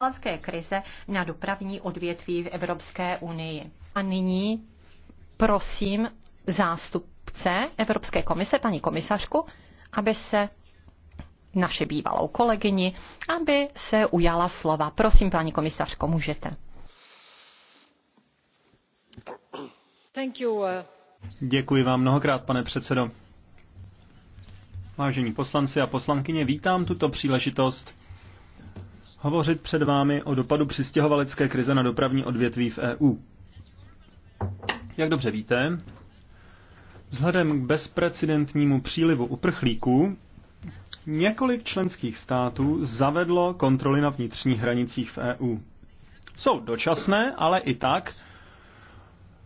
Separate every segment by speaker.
Speaker 1: hospodářské krize na dopravní odvětví v Evropské unii. A nyní prosím zástupce Evropské komise, paní komisařku, aby se naše bývalou kolegyni, aby se ujala slova. Prosím, paní komisařko, můžete.
Speaker 2: Thank you. Uh,
Speaker 3: Děkuji vám mnohokrát, pane předsedo. Vážení poslanci a poslankyně, vítám tuto příležitost hovořit před vámi o dopadu přistěhovalecké krize na dopravní odvětví v EU. Jak dobře víte, vzhledem k bezprecedentnímu přílivu uprchlíků několik členských států zavedlo kontroly na vnitřních hranicích v EU. Jsou dočasné, ale i tak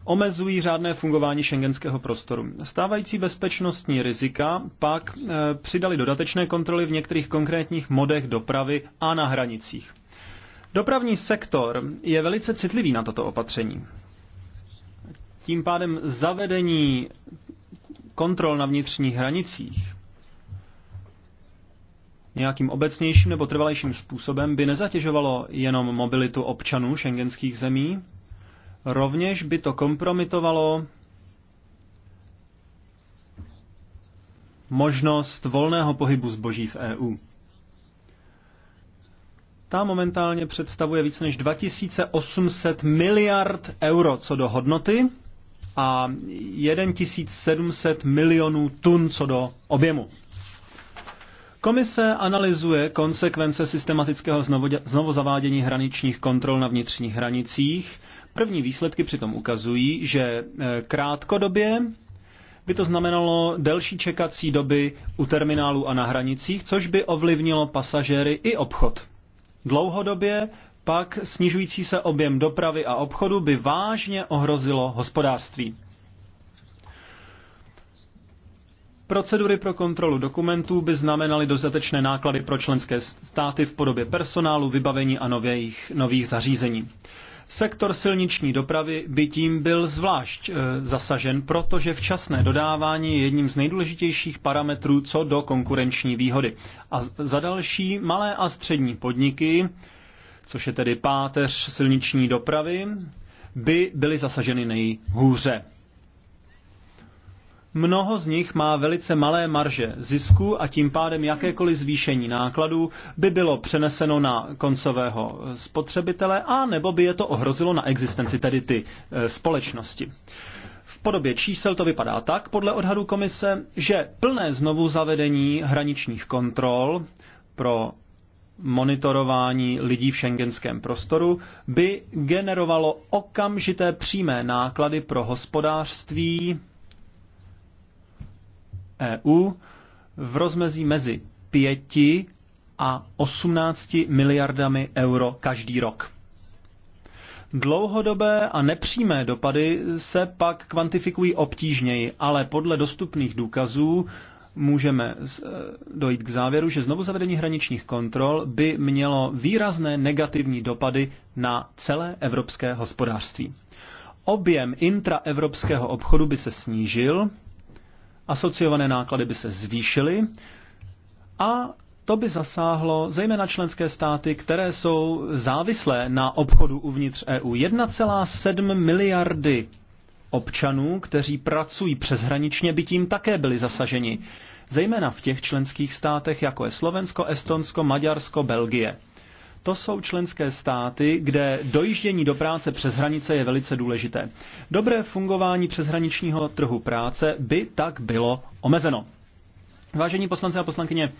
Speaker 3: omezují řádné fungování šengenského prostoru. Stávající bezpečnostní rizika pak e, přidali dodatečné kontroly v některých konkrétních modech dopravy a na hranicích. Dopravní sektor je velice citlivý na toto opatření. Tím pádem zavedení kontrol na vnitřních hranicích nějakým obecnějším nebo trvalejším způsobem by nezatěžovalo jenom mobilitu občanů šengenských zemí, Rovněž by to kompromitovalo možnost volného pohybu zboží v EU. Ta momentálně představuje více než 2800 miliard euro co do hodnoty a 1700 milionů tun co do objemu. Komise analyzuje konsekvence systematického znovuzavádění hraničních kontrol na vnitřních hranicích. První výsledky přitom ukazují, že eh, krátkodobě by to znamenalo delší čekací doby u terminálu a na hranicích, což by ovlivnilo pasažéry i obchod. Dlouhodobě pak snižující se objem dopravy a obchodu by vážně ohrozilo hospodářství. Procedury pro kontrolu dokumentů by znamenaly dostatečné náklady pro členské státy v podobě personálu, vybavení a nových, nových zařízení. Sektor silniční dopravy by tím byl zvlášť e, zasažen, protože včasné dodávání je jedním z nejdůležitějších parametrů co do konkurenční výhody. A za další malé a střední podniky, což je tedy páteř silniční dopravy, by byly zasaženy nejhůře. Mnoho z nich má velice malé marže zisku a tím pádem jakékoliv zvýšení nákladů by bylo přeneseno na koncového spotřebitele a nebo by je to ohrozilo na existenci, tedy ty e, společnosti. V podobě čísel to vypadá tak, podle odhadu komise, že plné znovu zavedení hraničních kontrol pro monitorování lidí v šengenském prostoru by generovalo okamžité přímé náklady pro hospodářství EU v rozmezí mezi 5 a 18 miliardami euro každý rok. Dlouhodobé a nepřímé dopady se pak kvantifikují obtížněji, ale podle dostupných důkazů můžeme e, dojít k závěru, že znovu zavedení hraničních kontrol by mělo výrazné negativní dopady na celé evropské hospodářství. Objem intraevropského obchodu by se snížil, Asociované náklady by se zvýšily a to by zasáhlo zejména členské státy, které jsou závislé na obchodu uvnitř EU. 1,7 miliardy občanů, kteří pracují přeshraničně, by tím také byli zasaženi. Zejména v těch členských státech, jako je Slovensko, Estonsko, Maďarsko, Belgie. To jsou členské státy, kde dojíždění do práce přes hranice je velice důležité. Dobré fungování přeshraničního trhu práce by tak bylo omezeno. Vážení poslanci a poslankyně,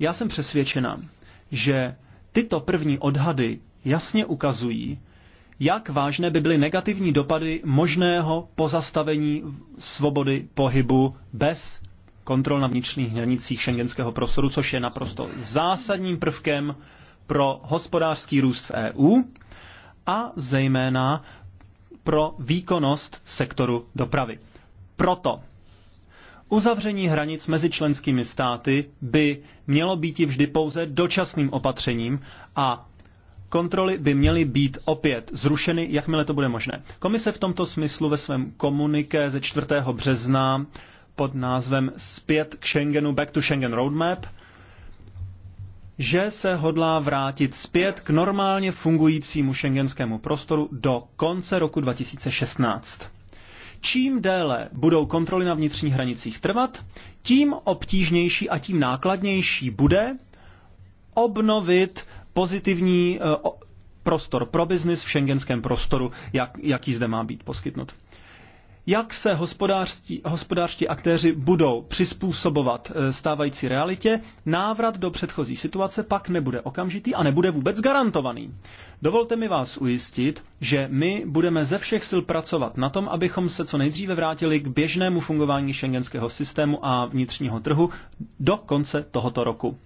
Speaker 3: já jsem přesvědčena, že tyto první odhady jasně ukazují, jak vážné by byly negativní dopady možného pozastavení svobody pohybu bez kontrol na vnitřních hranicích šengenského prostoru, což je naprosto zásadním prvkem pro hospodářský růst v EU a zejména pro výkonnost sektoru dopravy. Proto uzavření hranic mezi členskými státy by mělo být vždy pouze dočasným opatřením a kontroly by měly být opět zrušeny, jakmile to bude možné. Komise v tomto smyslu ve svém komuniké ze 4. března pod názvem Zpět k Schengenu, Back to Schengen Roadmap – že se hodlá vrátit zpět k normálně fungujícímu šengenskému prostoru do konce roku 2016. Čím déle budou kontroly na vnitřních hranicích trvat, tím obtížnější a tím nákladnější bude obnovit pozitivní eh, prostor pro biznis v šengenském prostoru, jak, jaký zde má být poskytnut jak se hospodářští, aktéři budou přizpůsobovat eh, stávající realitě, návrat do předchozí situace pak nebude okamžitý a nebude vůbec garantovaný. Dovolte mi vás ujistit, že my budeme ze všech sil pracovat na tom, abychom se co nejdříve vrátili k běžnému fungování šengenského systému a vnitřního trhu do konce tohoto roku.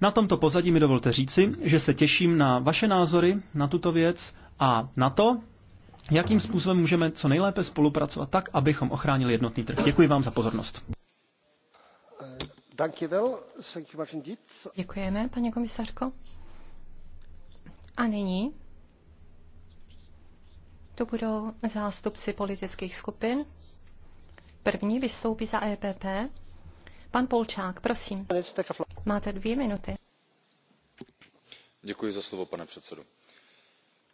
Speaker 3: Na tomto pozadí mi dovolte říci, že se těším na vaše názory na tuto věc a na to, jakým způsobem můžeme co nejlépe spolupracovat tak, abychom ochránili jednotný trh. Děkuji vám za pozornost.
Speaker 1: Děkujeme, paní komisařko. A nyní to budou zástupci politických skupin. První vystoupí za EPP. Pan Polčák, prosím. Máte dvě minuty.
Speaker 4: Děkuji za slovo, pane předsedo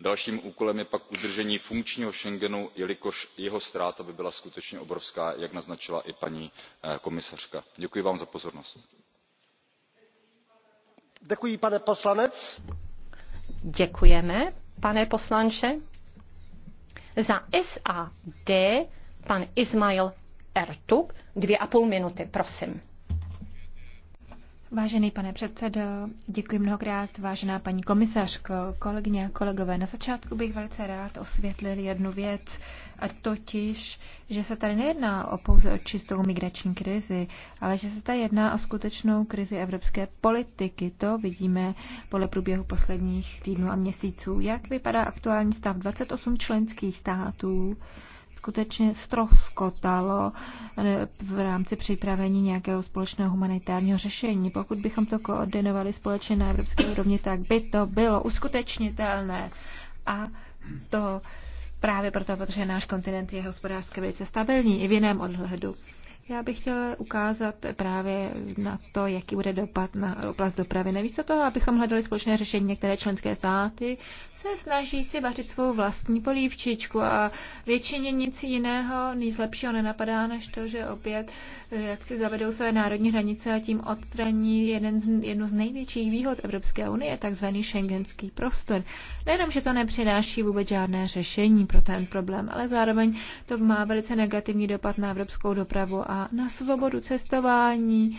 Speaker 4: dalším úkolem je pak udržení funkčního schengenu jelikož jeho ztráta by byla skutečně obrovská jak naznačila i paní eh, komisařka. děkuji vám za pozornost.
Speaker 1: děkujeme pane poslanče. za s pan ismail ertug dvě a půl minuty prosím. Vážený pane předsedo,
Speaker 2: děkuji mnohokrát, vážená paní komisařko, kolegyně a kolegové. Na začátku bych velice rád osvětlil jednu věc, a totiž, že se tady nejedná o pouze o čistou migrační krizi, ale že se tady jedná o skutečnou krizi evropské politiky. To vidíme podle průběhu posledních týdnů a měsíců. Jak vypadá aktuální stav 28 členských států? skutečně stroskotalo eh, v rámci připravení nějakého společného humanitárního řešení. Pokud bychom to koordinovali společně na evropské úrovni, tak by to bylo uskutečnitelné. A to právě proto, protože náš kontinent je hospodářsky velice stabilní i v jiném odhledu. Já bych chtěla ukázat právě na to, jaký bude dopad na oblast dopravy. Nevíc toho, abychom hledali společné řešení, některé členské státy se snaží si vařit svou vlastní polívčičku a většině nic jiného, nic lepšího nenapadá, než to, že opět eh, jak si zavedou své národní hranice a tím odstraní jeden z, jednu z největších výhod Evropské unie, takzvaný šengenský prostor. Nejenom, že to nepřináší vůbec žádné řešení pro ten problém, ale zároveň to má velice negativní dopad na evropskou dopravu a na svobodu cestování,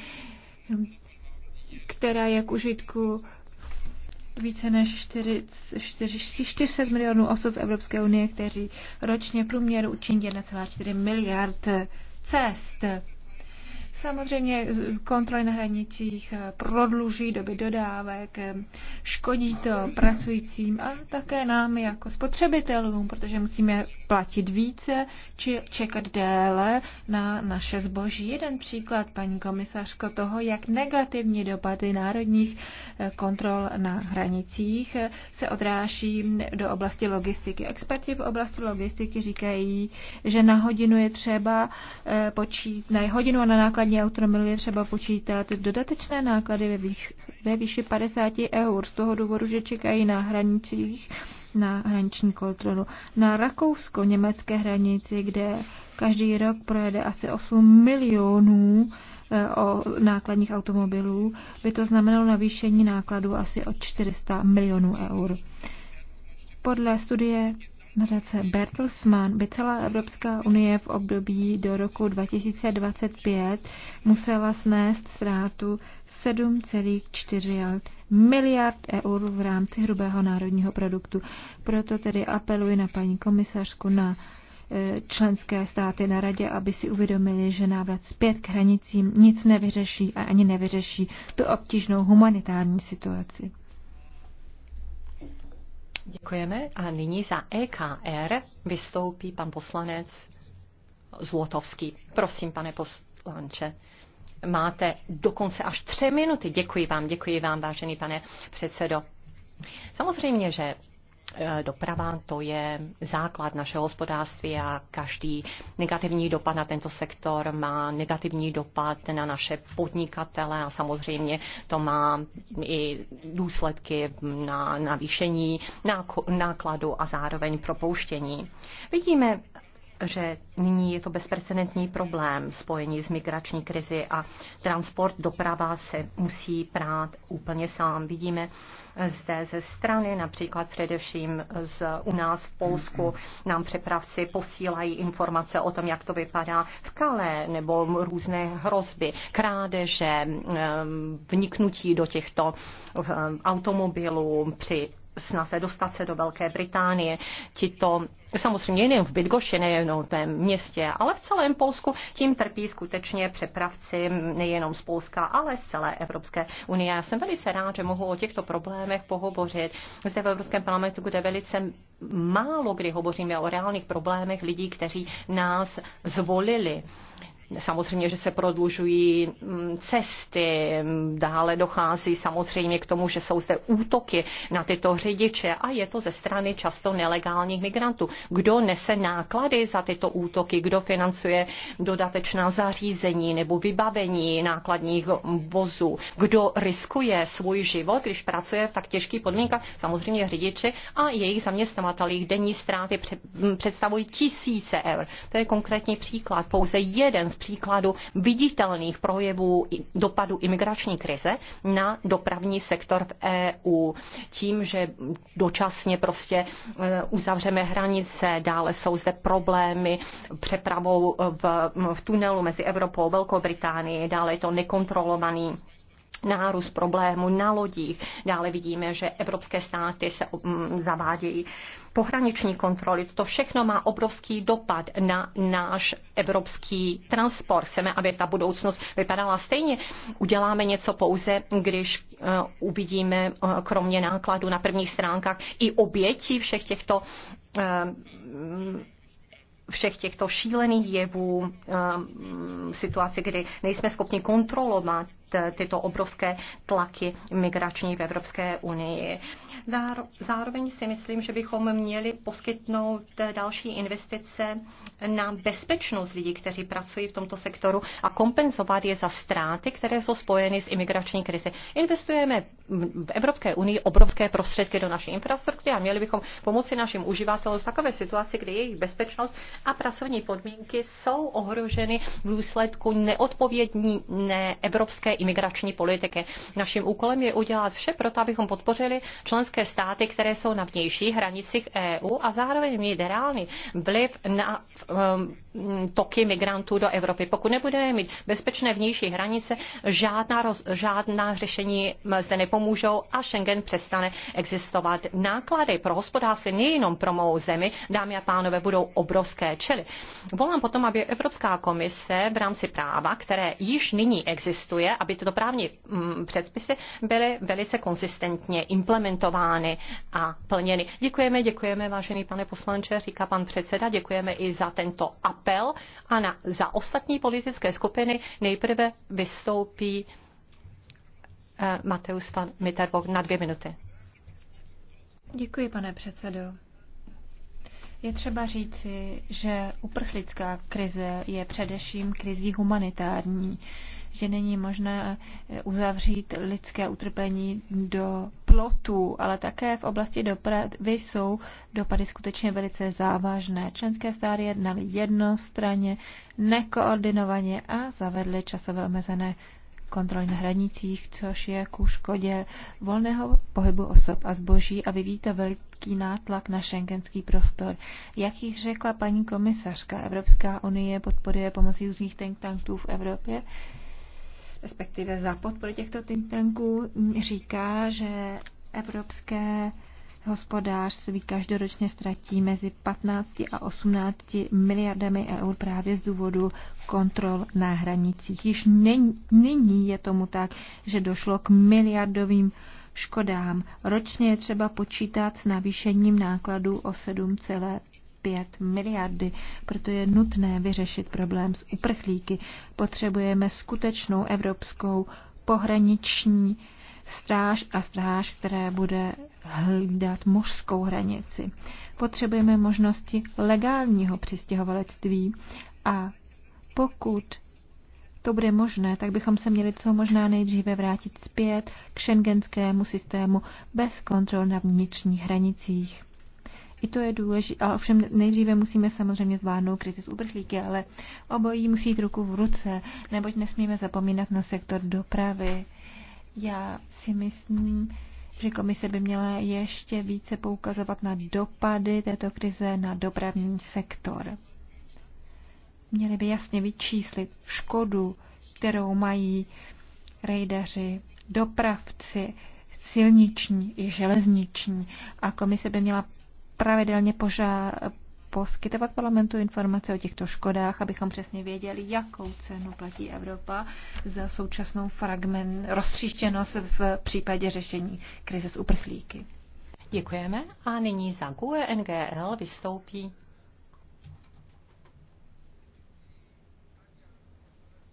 Speaker 2: která je k užitku více než 400 milionů osob v Evropské unie, kteří ročně průměru učiní 1,4 miliard cest. Samozřejmě kontroly na hranicích eh, prodluží doby dodávek, eh, škodí to pracujícím a také nám jako spotřebitelům, protože musíme platit více či čekat déle na naše zboží. Jeden příklad, paní komisařko, toho, jak negativní dopady národních eh, kontrol na hranicích se odráží do oblasti logistiky. Experti v oblasti logistiky říkají, že na hodinu je třeba počít, na hodinu a na nákladní Ohledně automobilu je třeba počítat dodatečné náklady ve, výš, ve výši 50 eur z toho důvodu, že čekají na hranicích na hraniční kontrolu. Na rakousko-německé hranici, kde každý rok projede asi 8 milionů eh, o nákladních automobilů, by to znamenalo navýšení nákladů asi o 400 milionů eur. Podle studie nadace Bertelsmann by celá Evropská unie v období do roku 2025 musela snést ztrátu 7,4 miliard eur v rámci hrubého národního produktu. Proto tedy apeluji na paní komisařku na e, členské státy na radě, aby si uvědomili, že návrat zpět k hranicím nic nevyřeší a ani nevyřeší tu obtížnou humanitární situaci.
Speaker 1: Děkujeme a nyní za EKR vystoupí pan poslanec Zlotovský. Prosím, pane poslanče máte dokonce až tři minuty. Děkuji vám, děkuji vám, vážený pane předsedo. Samozřejmě, že Eh, doprava, to je základ našeho hospodářství a každý negativní dopad na tento sektor má negativní dopad na naše podnikatele a samozřejmě to má i důsledky na navýšení nákladu a zároveň propouštění. Vidíme že nyní je to bezprecedentní problém spojený s migrační krizi a transport, doprava se musí prát úplně sám. Vidíme zde ze strany, například především z, u nás v Polsku, nám přepravci posílají informace o tom, jak to vypadá v Kale nebo různé hrozby, krádeže, vniknutí do těchto automobilů při snaze dostat se do Velké Británie. to samozřejmě nejen v Bydgoši, nejenom v tém městě, ale v celém Polsku, tím trpí skutečně přepravci nejenom z Polska, ale z celé Evropské unie. Já jsem velice rád, že mohu o těchto problémech pohovořit zde v Evropském parlamentu, kde velice málo kdy hovoříme o reálných problémech lidí, kteří nás zvolili Samozřejmě, že se prodlužují mm, cesty, mm, dále dochází samozřejmě k tomu, že jsou zde útoky na tyto řidiče a je to ze strany často nelegálních migrantů. Kdo nese náklady za tyto útoky, kdo financuje dodatečná zařízení nebo vybavení nákladních vozů, kdo riskuje svůj život, když pracuje v tak těžkých podmínkách, samozřejmě řidiči a jejich zaměstnavatelí, Denní ztráty představují tisíce eur. To je konkrétní příklad, pouze jeden z Příkladu viditelných projevů dopadu imigrační krize na dopravní sektor v EU. Tím, že dočasně prostě e, uzavřeme hranice, dále jsou zde problémy přepravou v, v tunelu mezi Evropou a Velkou Británií, dále je to nekontrolovaný nárůst problémů na lodích. Dále vidíme, že evropské státy se mm, zavádějí pohraniční kontroly. To všechno má obrovský dopad na náš evropský transport. Chceme, aby ta budoucnost vypadala stejně. Uděláme něco pouze, když eh, uvidíme eh, kromě nákladu na prvních stránkách i oběti všech těchto eh, všech těchto šílených jevů, situace, kdy nejsme schopni kontrolovat Eh, tyto obrovské tlaky migrační v Evropské unii. Zároveň si myslím, že bychom měli poskytnout eh, další investice na bezpečnost lidí, kteří pracují v tomto sektoru a kompenzovat je za ztráty, které jsou spojeny s imigrační krizi. Investujeme v Evropské unii obrovské prostředky do naší infrastruktury a měli bychom pomoci našim uživatelům v takové situaci, kdy jejich bezpečnost a pracovní podmínky jsou ohroženy v důsledku neodpovědné ne evropské imigrační politiky. Naším úkolem je udělat vše proto, abychom podpořili členské státy, které jsou na vnějších hranicích EU a zároveň mít reálný vliv na um, Mm, toky migrantů do Evropy. Pokud nebudeme mít bezpečné vnější hranice, žádná, roz, žádná řešení zde nepomůžou a Schengen přestane existovat. Náklady pro hospodářství nejenom pro mou zemi, dámy a pánové, budou obrovské. Čili volám potom, aby Evropská komise v rámci práva, které již nyní existuje, aby tyto právní mm, předpisy byly velice konsistentně implementovány a plněny. Děkujeme, děkujeme, vážený pane poslanče, říká pan předseda, děkujeme i za tento apel apel a na, za ostatní politické skupiny nejprve vystoupí eh, Mateus van Mitterbog na dvě minuty.
Speaker 2: Děkuji, pane předsedo. Je třeba říci, že uprchlická krize je především krizí humanitární že není možné eh, uzavřít lidské utrpení do plotu, ale také v oblasti dopravy jsou dopady skutečně velice závažné. Členské státy jednaly jednostranně, nekoordinovaně a zavedly časově omezené kontroly na hranicích, což je ku škodě volného pohybu osob a zboží a vyvíjí to velký nátlak na šengenský prostor. Jak již řekla paní komisařka, Evropská unie podporuje pomocí různých think tanků v Evropě respektive za podporu těchto think tanků, říká, že evropské hospodářství každoročně ztratí mezi 15 a 18 miliardami eur právě z důvodu kontrol na hranicích. Již nyní je tomu tak, že došlo k miliardovým škodám. Ročně je třeba počítat s navýšením nákladů o 7,5 5 miliardy, proto je nutné vyřešit problém s uprchlíky. Potřebujeme skutečnou evropskou pohraniční stráž a stráž, které bude hlídat mořskou hranici. Potřebujeme možnosti legálního přistěhovalectví a pokud to bude možné, tak bychom se měli co možná nejdříve vrátit zpět k šengenskému systému bez kontrol na vnitřních hranicích. I to je důležité, ale ovšem nejdříve musíme samozřejmě zvládnout krizi s uprchlíky, ale obojí musí jít ruku v ruce, neboť nesmíme zapomínat na sektor dopravy. Já si myslím, že komise by měla ještě více poukazovat na dopady této krize na dopravní sektor. Měli by jasně vyčíslit škodu, kterou mají rejdaři, dopravci, silniční i železniční. A komise by měla pravidelně poža- poskytovat parlamentu informace o těchto škodách, abychom přesně věděli, jakou cenu platí Evropa za současnou fragment roztříštěnost v případě řešení
Speaker 1: krize s uprchlíky. Děkujeme a nyní za GUE NGL vystoupí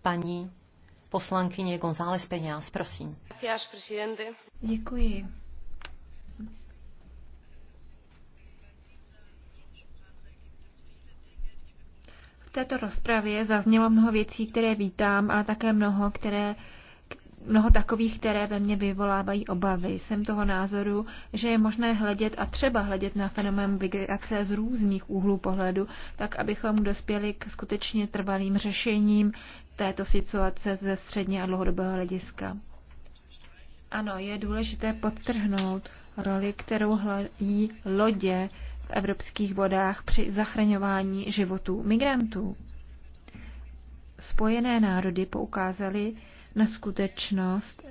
Speaker 1: paní poslankyně González Peňáz, prosím. Děkuji.
Speaker 2: V této rozpravě zaznělo mnoho věcí, které vítám, ale také mnoho, které mnoho takových, které ve mně vyvolávají obavy. Jsem toho názoru, že je možné hledět a třeba hledět na fenomén migrace z různých úhlů pohledu, tak abychom dospěli k skutečně trvalým řešením této situace ze středně a dlouhodobého hlediska. Ano, je důležité podtrhnout roli, kterou hrají lodě v evropských vodách při zachraňování životů migrantů. Spojené národy poukázaly na skutečnost,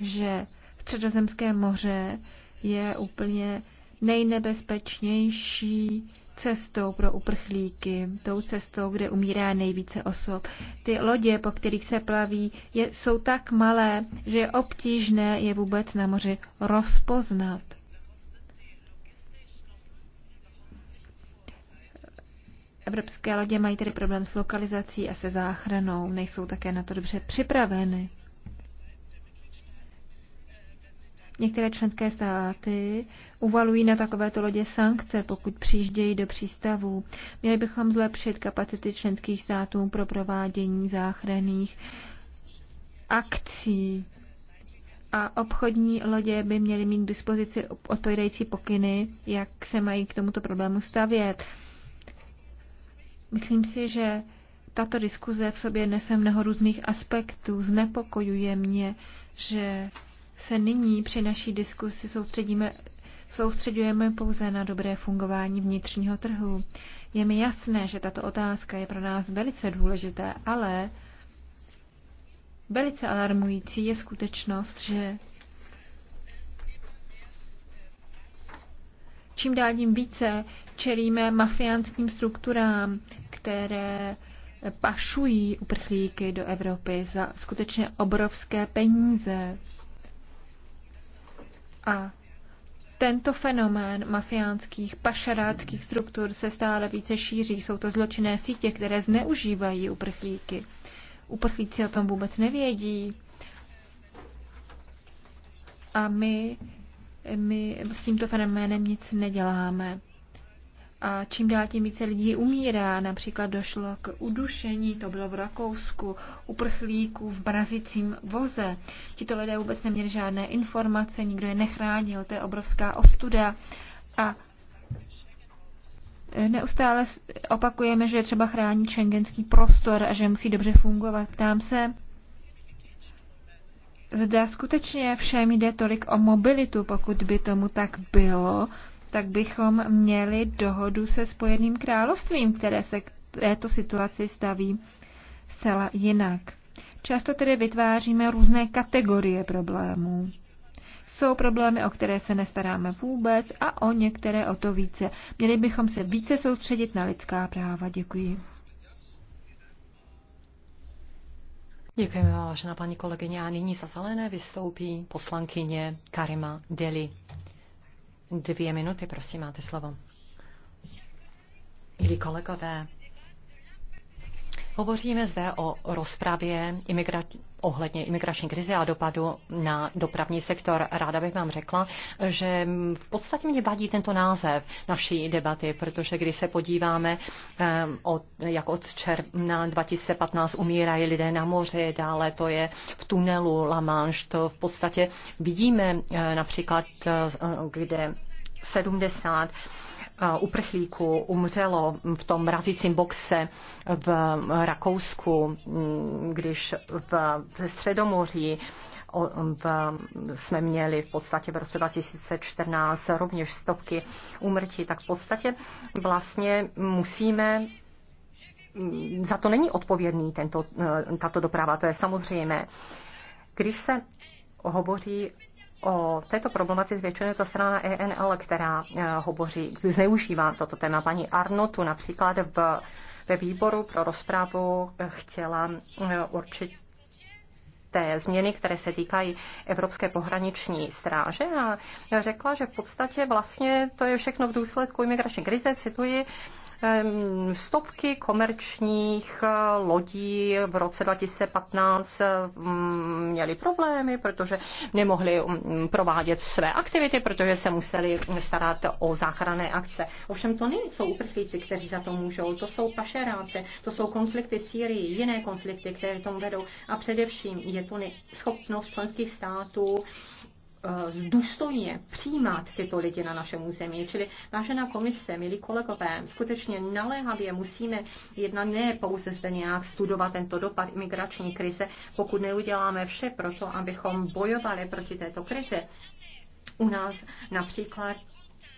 Speaker 2: že Středozemské moře je úplně nejnebezpečnější cestou pro uprchlíky, tou cestou, kde umírá nejvíce osob. Ty lodě, po kterých se plaví, je, jsou tak malé, že je obtížné je vůbec na moři rozpoznat. Evropské lodě mají tedy problém s lokalizací a se záchranou, nejsou také na to dobře připraveny. Některé členské státy uvalují na takovéto lodě sankce, pokud přijíždějí do přístavů. Měli bychom zlepšit kapacity členských států pro provádění záchranných akcí. A obchodní lodě by měly mít k dispozici odpovídající pokyny, jak se mají k tomuto problému stavět. Myslím si, že tato diskuze v sobě nese mnoho různých aspektů. Znepokojuje mě, že se nyní při naší diskusi soustředíme, soustředujeme pouze na dobré fungování vnitřního trhu. Je mi jasné, že tato otázka je pro nás velice důležitá, ale velice alarmující je skutečnost, že Čím dál tím více čelíme mafiánským strukturám, které pašují uprchlíky do Evropy za skutečně obrovské peníze. A tento fenomén mafiánských pašaráckých struktur se stále více šíří. Jsou to zločinné sítě, které zneužívají uprchlíky. Uprchlíci o tom vůbec nevědí. A my my s tímto fenoménem nic neděláme. A čím dál tím více lidí umírá, například došlo k udušení, to bylo v Rakousku, uprchlíků v brazicím voze. Tito lidé vůbec neměli žádné informace, nikdo je nechránil, to je obrovská ostuda. A neustále opakujeme, že je třeba chránit šengenský prostor a že musí dobře fungovat. Ptám se, zda skutečně všem jde tolik o mobilitu, pokud by tomu tak bylo, tak bychom měli dohodu se Spojeným královstvím, které se k této situaci staví zcela jinak. Často tedy vytváříme různé kategorie problémů. Jsou problémy, o které se nestaráme vůbec a o některé o to více. Měli bychom se více soustředit na lidská práva. Děkuji.
Speaker 1: Děkujeme, vážená paní kolegyně. A nyní za zelené vystoupí poslankyně Karima Deli. Dvě minuty, prosím, máte slovo. Milí kolegové, Hovoříme zde o rozpravě imigra- ohledně imigrační krize a dopadu na dopravní sektor. Ráda bych vám řekla, že v podstatě mě vadí tento název naší debaty, protože když se podíváme, eh, od, jak od června 2015 umírají lidé na moři, dále to je v tunelu La Manche, to v podstatě vidíme eh, například, eh, kde 70 uprchlíků umřelo v tom mrazícím boxe v Rakousku, mm, když v, ve Středomoří v, jsme měli v podstatě v roce 2014 rovněž stovky umrtí, tak v podstatě vlastně musíme mm, za to není odpovědný tento, eh, tato doprava, to je samozřejmé. Když se hovoří O této problematice zvětšuje to strana ENL, která eh, hovoří, zneužívá toto téma. Paní Arnotu například v, ve výboru pro rozprávu eh, chtěla eh, určit té změny, které se týkají Evropské pohraniční stráže a řekla, že v podstatě vlastně to je všechno v důsledku imigrační krize, cituji, stovky komerčních eh, lodí v roce 2015 eh, mm, měly problémy, protože nemohly mm, provádět své aktivity, protože se museli starat o záchranné akce. Ovšem to nejsou uprchlíci, kteří za to můžou, to jsou pašeráce, to jsou konflikty v Sýrii, jiné konflikty, které tomu vedou. A především je to schopnost členských států Eh, důstojně přijímat tyto lidi na našem území. Čili vážená komise, milí kolegové, skutečně naléhavě musíme jedna ne pouze zde nějak studovat tento dopad imigrační krize, pokud neuděláme vše pro to, abychom bojovali proti této krizi. U nás například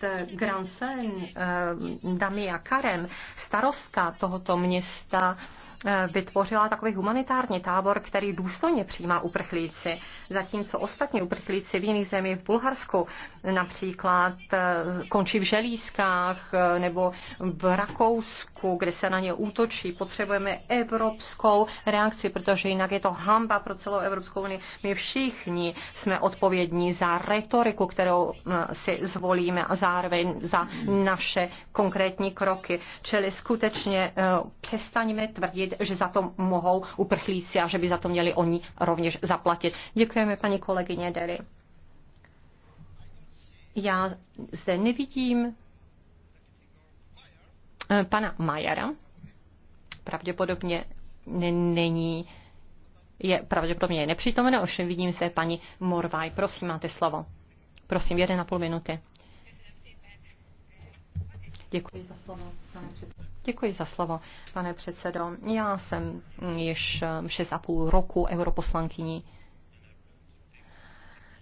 Speaker 1: eh, Grandsen, eh, Damia Karem, starostka tohoto města, Eh, vytvořila takový humanitární tábor, který důstojně přijímá uprchlíci, zatímco ostatní uprchlíci v jiných zemích, v Bulharsku například, eh, končí v želízkách eh, nebo v Rakousku, kde se na ně útočí. Potřebujeme evropskou reakci, protože jinak je to hamba pro celou Evropskou unii. My všichni jsme odpovědní za retoriku, kterou si zvolíme a zároveň za naše konkrétní kroky. Čili skutečně přestaňme tvrdit, být, že za to mohou uprchlíci a že by za to měli oni rovněž zaplatit. Děkujeme paní kolegyně Deli. Já zde nevidím eh, pana Majera. Pravděpodobně není, je pravděpodobně je nepřítomen, ovšem vidím zde paní Morvaj. Prosím, máte slovo. Prosím, jeden na půl minuty. Děkuji za slovo, pane předsedo. Děkuji za slovo, pane předsedo. Já jsem již 6,5 roku europoslankyní.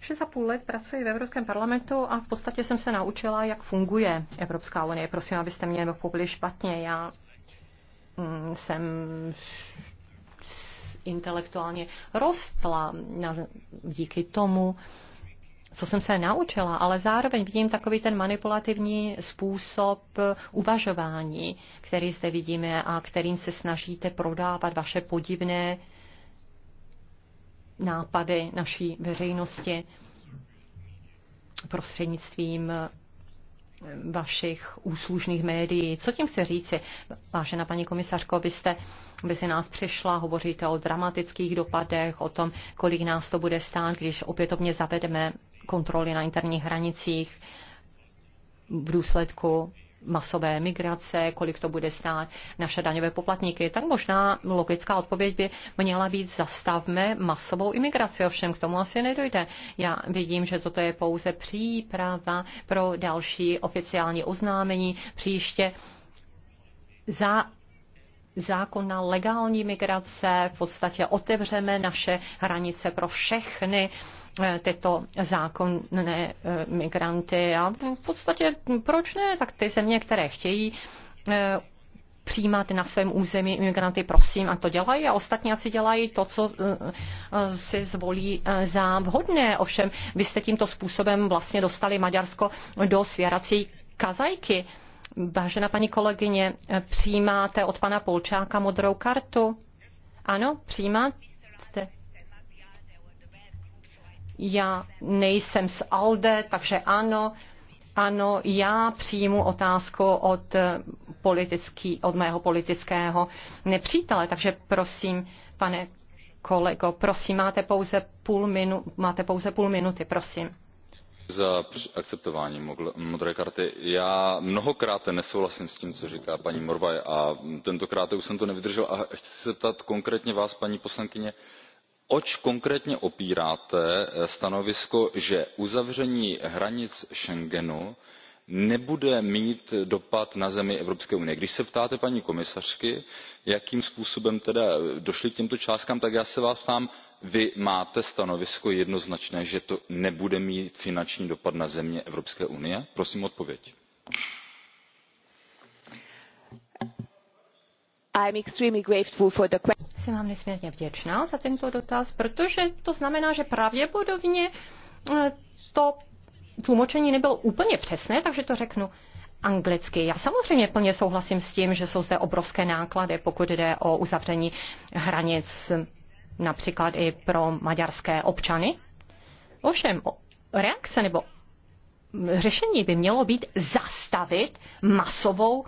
Speaker 1: 6,5 let pracuji v Evropském parlamentu a v podstatě jsem se naučila, jak funguje Evropská unie. Prosím, abyste mě nepochopili špatně. Já mm, jsem intelektuálně rostla díky tomu, co jsem se naučila, ale zároveň vidím takový ten manipulativní způsob eh, uvažování, který zde vidíme a kterým se snažíte prodávat vaše podivné nápady naší veřejnosti prostřednictvím eh, vašich úslužných médií. Co tím chci říci? Vážená paní komisařko, vy jste se nás přišla, hovoříte o dramatických dopadech, o tom, kolik nás to bude stát, když opětovně zavedeme kontroly na interních hranicích v důsledku masové migrace, kolik to bude stát naše daňové poplatníky, tak možná logická odpověď by měla být zastavme masovou imigraci, ovšem k tomu asi nedojde. Já vidím, že toto je pouze příprava pro další oficiální oznámení. Příště za zákon na legální migrace v podstatě otevřeme naše hranice pro všechny uh, Eh, tyto zákonné eh, migranty. A v podstatě proč ne? Tak ty země, které chtějí eh, přijímat na svém území imigranty, prosím, a to dělají a ostatní asi dělají to, co si zvolí za vhodné. Ovšem, vy jste tímto způsobem vlastně dostali Maďarsko do svěrací kazajky. Vážená paní kolegyně, přijímáte od pana Polčáka modrou kartu? Ano, přijímáte? Já nejsem z ALDE, takže ano, ano, já přijmu otázku od, eh, politický, od mého politického nepřítele, takže prosím, pane kolego, prosím, máte pouze půl, minu, máte pouze půl minuty, prosím
Speaker 4: za akceptování modré karty. já mnohokrát nesouhlasím s tím co říká paní Morvaj a tentokrát už jsem to nevydržel a chci se zeptat konkrétně vás paní poslankyně oč konkrétně opíráte eh, stanovisko že uzavření hranic schengenu nebude mít dopad na země evropské unie? když se ptáte paní komisařky jakým způsobem tedy eh, došli k těmto částkám tak já se vás ptám vy máte stanovisko jednoznačné že to nebude mít finanční dopad na země evropské unie? prosím o odpověď.
Speaker 1: Jsem vám nesmírně vděčná za tento dotaz, protože to znamená, že pravděpodobně eh, to tlumočení nebylo úplně přesné, takže to řeknu anglicky. Já samozřejmě plně souhlasím s tím, že jsou zde obrovské náklady, pokud jde o uzavření hranic například i pro maďarské občany. Ovšem, reakce nebo řešení by mělo být zastavit masovou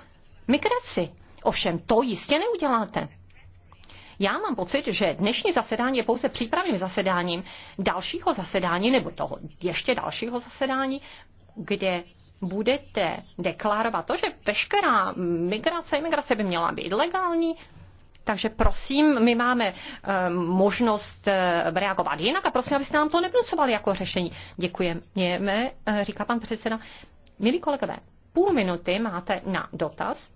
Speaker 1: migraci. Ovšem to jistě neuděláte. Já mám pocit, že dnešní zasedání je pouze přípravným zasedáním dalšího zasedání nebo toho ještě dalšího zasedání, kde budete deklarovat to, že veškerá migrace, imigrace by měla být legální, takže prosím, my máme um, možnost uh, reagovat jinak a prosím, abyste nám to nevnucovali jako řešení. Děkujeme, eh, říká pan předseda. Milí kolegové, půl minuty máte na dotaz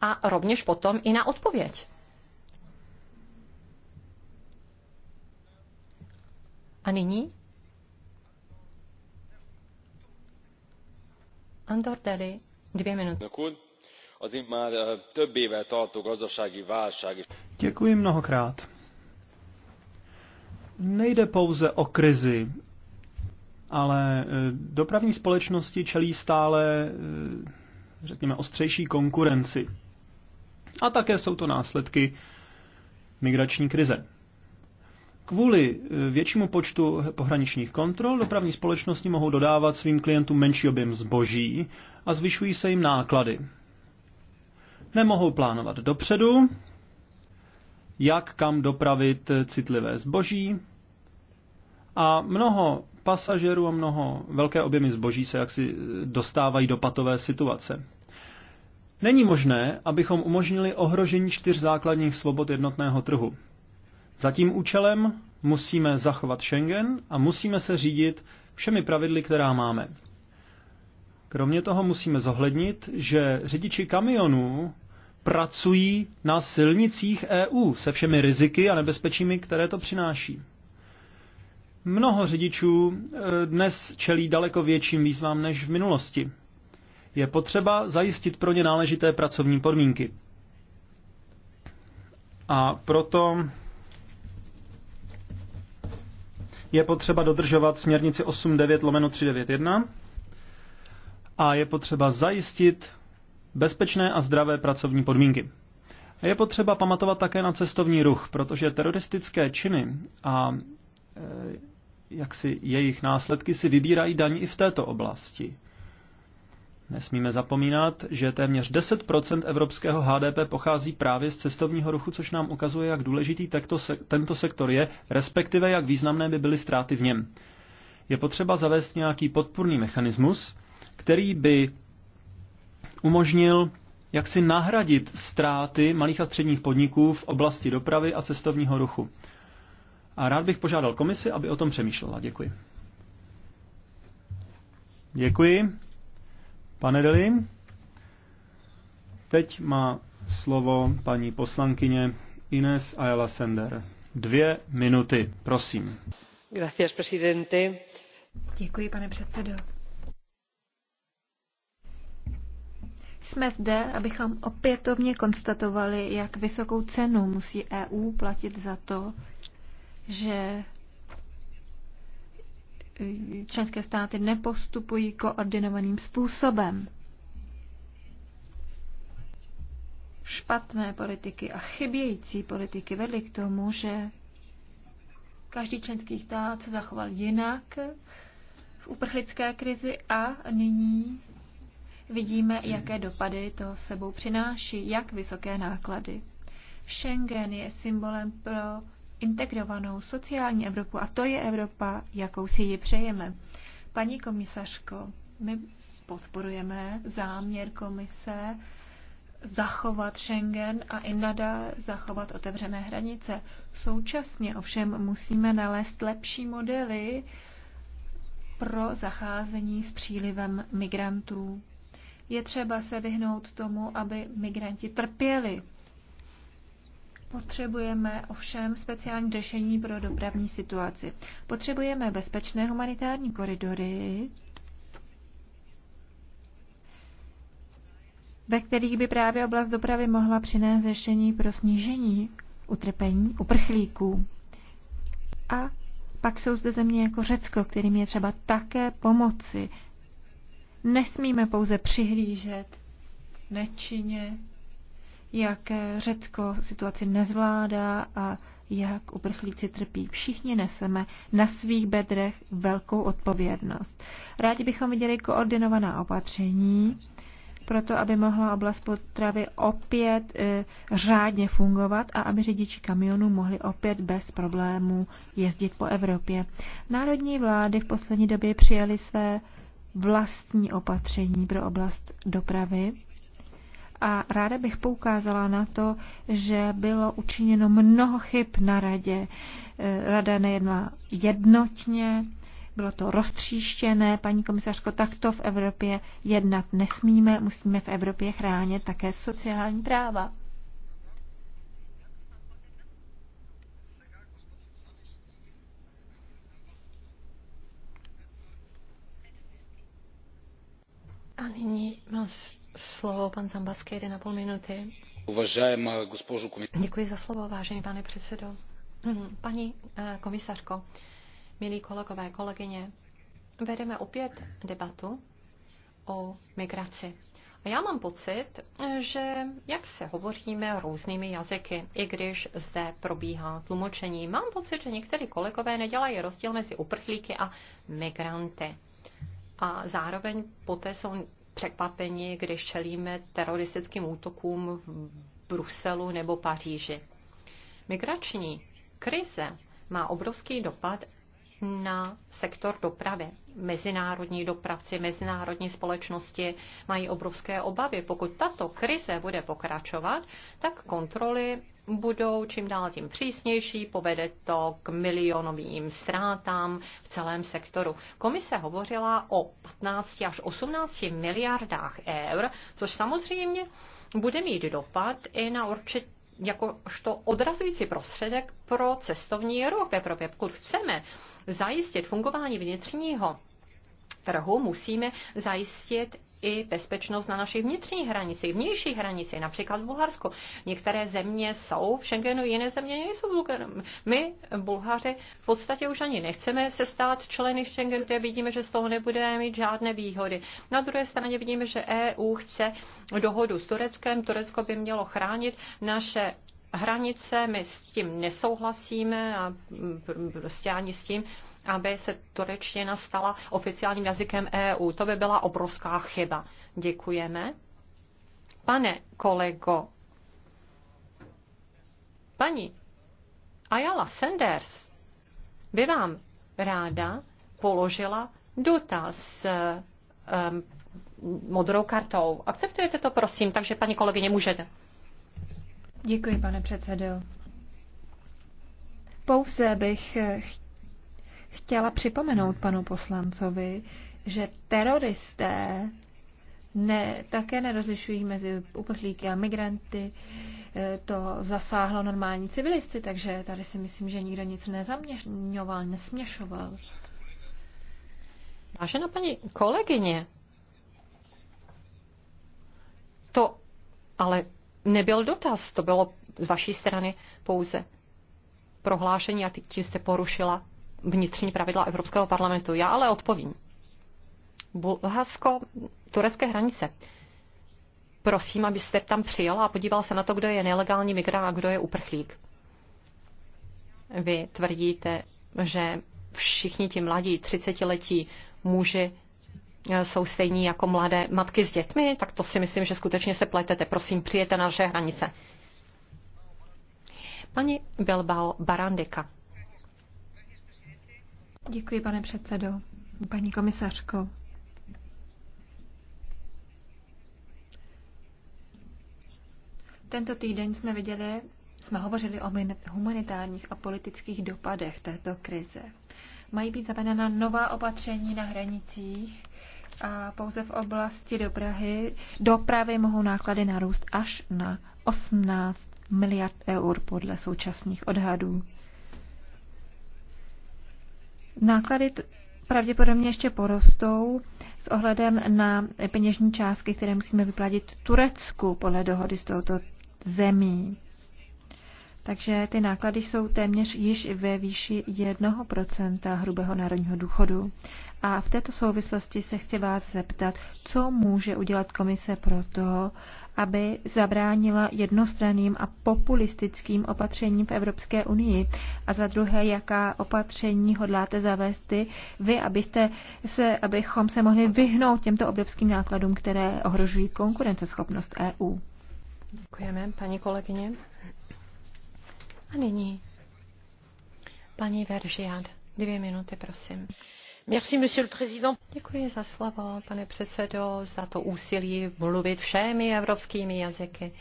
Speaker 1: a rovněž potom i na odpověď. A nyní? Andor Deli, dvě minuty. Eh, Děkuji mnohokrát.
Speaker 3: Nejde pouze o krizi, ale eh, dopravní společnosti čelí stále, eh, řekněme, ostřejší konkurenci. A také jsou to následky migrační krize. Kvůli e, většímu počtu pohraničních kontrol dopravní společnosti mohou dodávat svým klientům menší objem zboží a zvyšují se jim náklady. Nemohou plánovat dopředu, jak kam dopravit citlivé zboží a mnoho pasažerů a mnoho velké objemy zboží se jaksi dostávají do patové situace. Není možné, abychom umožnili ohrožení čtyř základních svobod jednotného trhu. Za tím účelem musíme zachovat Schengen a musíme se řídit všemi pravidly, která máme. Kromě toho musíme zohlednit, že řidiči kamionů pracují na silnicích EU se všemi riziky a nebezpečími, které to přináší. Mnoho řidičů eh, dnes čelí daleko větším výzvám než v minulosti je potřeba zajistit pro ně náležité pracovní podmínky. A proto je potřeba dodržovat směrnici 89 lomeno 391 a je potřeba zajistit bezpečné a zdravé pracovní podmínky. A je potřeba pamatovat také na cestovní ruch, protože teroristické činy a e, jaksi jejich následky si vybírají daň i v této oblasti. Nesmíme zapomínat, že téměř 10 evropského HDP pochází právě z cestovního ruchu, což nám ukazuje, jak důležitý tento, se- tento sektor je, respektive jak významné by byly ztráty v něm. Je potřeba zavést nějaký podpůrný mechanismus, který by umožnil jak si nahradit ztráty malých a středních podniků v oblasti dopravy a cestovního ruchu. A rád bych požádal komisi, aby o tom přemýšlela. Děkuji. Děkuji. Pane Deli, teď má slovo paní poslankyně Ines Ayala Sender. Dvě minuty,
Speaker 2: prosím. Gracias,
Speaker 5: presidente.
Speaker 2: Děkuji, pane předsedo. Jsme zde, abychom opětovně konstatovali, jak vysokou cenu musí EU platit za to, že členské státy nepostupují koordinovaným způsobem. Špatné politiky a chybějící politiky vedly k tomu, že každý členský stát se zachoval jinak v uprchlické krizi a nyní vidíme, jaké dopady to sebou přináší, jak vysoké náklady. Schengen je symbolem pro integrovanou sociální Evropu a to je Evropa, jakou si ji přejeme. Paní komisařko, my podporujeme záměr komise zachovat Schengen a i nadále zachovat otevřené hranice. Současně ovšem musíme nalézt lepší modely pro zacházení s přílivem migrantů. Je třeba se vyhnout tomu, aby migranti trpěli Potřebujeme ovšem speciální řešení pro dopravní situaci. Potřebujeme bezpečné humanitární koridory, ve kterých by právě oblast dopravy mohla přinést řešení pro snížení utrpení uprchlíků. A pak jsou zde země jako Řecko, kterým je třeba také pomoci. Nesmíme pouze přihlížet nečině jak Řecko situaci nezvládá a jak uprchlíci trpí. Všichni neseme na svých bedrech velkou odpovědnost. Rádi bychom viděli koordinovaná opatření, proto aby mohla oblast potravy opět e, řádně fungovat a aby řidiči kamionů mohli opět bez problémů jezdit po Evropě. Národní vlády v poslední době přijaly své vlastní opatření pro oblast dopravy a ráda bych poukázala na to, že bylo učiněno mnoho chyb na radě. E, rada nejedná jednotně, bylo to roztříštěné. Paní komisařko, takto v Evropě jednat nesmíme, musíme v Evropě chránit také sociální práva.
Speaker 1: A nyní vás slovo pan na minuty. vážený pane předsedo. Mhm, paní eh, komisařko, milí kolegové, kolegyně, vedeme opět debatu o migraci. A já mám pocit, že jak se hovoříme různými jazyky, i když zde probíhá tlumočení, mám pocit, že někteří kolegové nedělají rozdíl mezi uprchlíky a migranty. A zároveň poté jsou překvapeni, když čelíme teroristickým útokům v Bruselu nebo Paříži. Migrační krize má obrovský dopad na sektor dopravy. Mezinárodní dopravci, mezinárodní společnosti mají obrovské obavy. Pokud tato krize bude pokračovat, tak kontroly budou čím dál tím přísnější, povede to k milionovým ztrátám v celém sektoru. Komise hovořila o 15 až 18 miliardách eur, což samozřejmě bude mít dopad i na určitě jakožto odrazující prostředek pro cestovní ruch v Evropě. Pokud chceme zajistit fungování vnitřního trhu, musíme zajistit i bezpečnost na našich vnitřních hranicích, vnějších hranicích, například v Bulharsku. Některé země jsou v Schengenu, jiné země nejsou Bulharsku. My, Bulhaři, v podstatě už ani nechceme se stát členy Schengenu, protože vidíme, že z toho nebudeme mít žádné výhody. Na druhé straně vidíme, že EU chce dohodu s Tureckem, Turecko by mělo chránit naše hranice, my s tím nesouhlasíme a prostě ani s tím, aby se turečtina stala oficiálním jazykem EU. To by byla obrovská chyba. Děkujeme. Pane kolego, paní Ayala Sanders by vám ráda položila dotaz um, modrou kartou. Akceptujete to, prosím? Takže, paní kolegyně, můžete.
Speaker 2: Děkuji, pane předsedo. Pouze bych chtěla připomenout panu poslancovi, že teroristé ne, také nerozlišují mezi uprchlíky a migranty. E, to zasáhlo normální civilisty, takže tady si myslím, že nikdo nic nezaměňoval, nesměšoval.
Speaker 1: Vážená paní kolegyně, to ale nebyl dotaz, to bylo z vaší strany pouze prohlášení a tím jste porušila vnitřní pravidla Evropského parlamentu. Já ale odpovím. Bulharsko-turecké hranice. Prosím, abyste tam přijela a podíval se na to, kdo je nelegální migrant a kdo je uprchlík. Vy tvrdíte, že všichni ti mladí, 30-letí muži eh, jsou stejní jako mladé matky s dětmi, tak to si myslím, že skutečně se pletete. Prosím, přijete na naše hranice. Pani Bilbao Barandika.
Speaker 2: Děkuji, pane předsedo. Paní komisařko. Tento týden jsme viděli, jsme hovořili o humanitárních a politických dopadech této krize. Mají být zavedena nová opatření na hranicích a pouze v oblasti dopravy, dopravy mohou náklady narůst až na 18 miliard eur podle současných odhadů. Náklady pravděpodobně ještě porostou s ohledem na peněžní částky, které musíme vyplatit Turecku podle dohody s touto zemí. Takže ty náklady jsou téměř již ve výši 1% hrubého národního důchodu. A v této souvislosti se chci vás zeptat, co může udělat komise pro to, aby zabránila jednostranným a populistickým opatřením v Evropské unii? A za druhé, jaká opatření hodláte zavést ty, vy, abyste se, abychom se mohli vyhnout těmto obrovským nákladům, které ohrožují konkurenceschopnost EU? Děkujeme,
Speaker 1: paní kolegyně. A nyní paní Veržiad. Dvě minuty, prosím. Merci, monsieur le président. Děkuji za slovo, pane předsedo, za to úsilí mluvit všemi evropskými jazyky.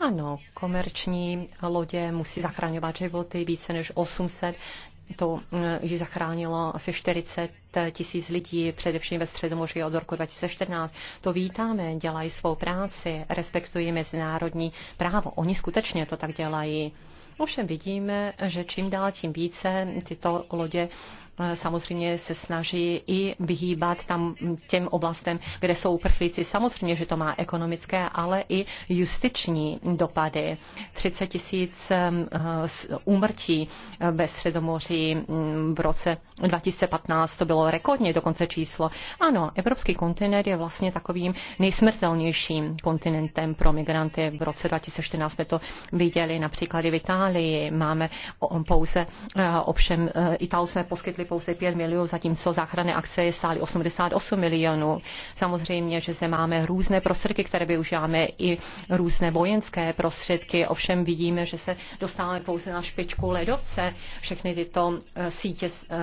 Speaker 1: Ano, komerční lodě musí zachraňovat životy více než 800 to eh, ji zachránilo asi 40 tisíc lidí, především ve Středomoří od roku 2014. To vítáme, dělají svou práci, respektují mezinárodní právo. Oni skutečně to tak dělají. Ovšem vidíme, že čím dál tím více tyto lodě Eh, samozřejmě se snaží i vyhýbat tam těm oblastem, kde jsou uprchlíci. Samozřejmě, že to má ekonomické, ale i justiční dopady. 30 tisíc eh, úmrtí eh, ve Středomoří mm, v roce 2015 to bylo rekordně dokonce číslo. Ano, evropský kontinent je vlastně takovým nejsmrtelnějším kontinentem pro migranty. V roce 2014 jsme to viděli například i v Itálii. Máme pouze, ovšem Italům jsme poskytli poskytli pouze 5 milionů, zatímco záchranné akce je stály 88 milionů. Samozřejmě, že zde máme různé prostředky, které využíváme, i různé vojenské prostředky, ovšem vidíme, že se dostáváme pouze na špičku ledovce. Všechny tyto eh, sítě eh,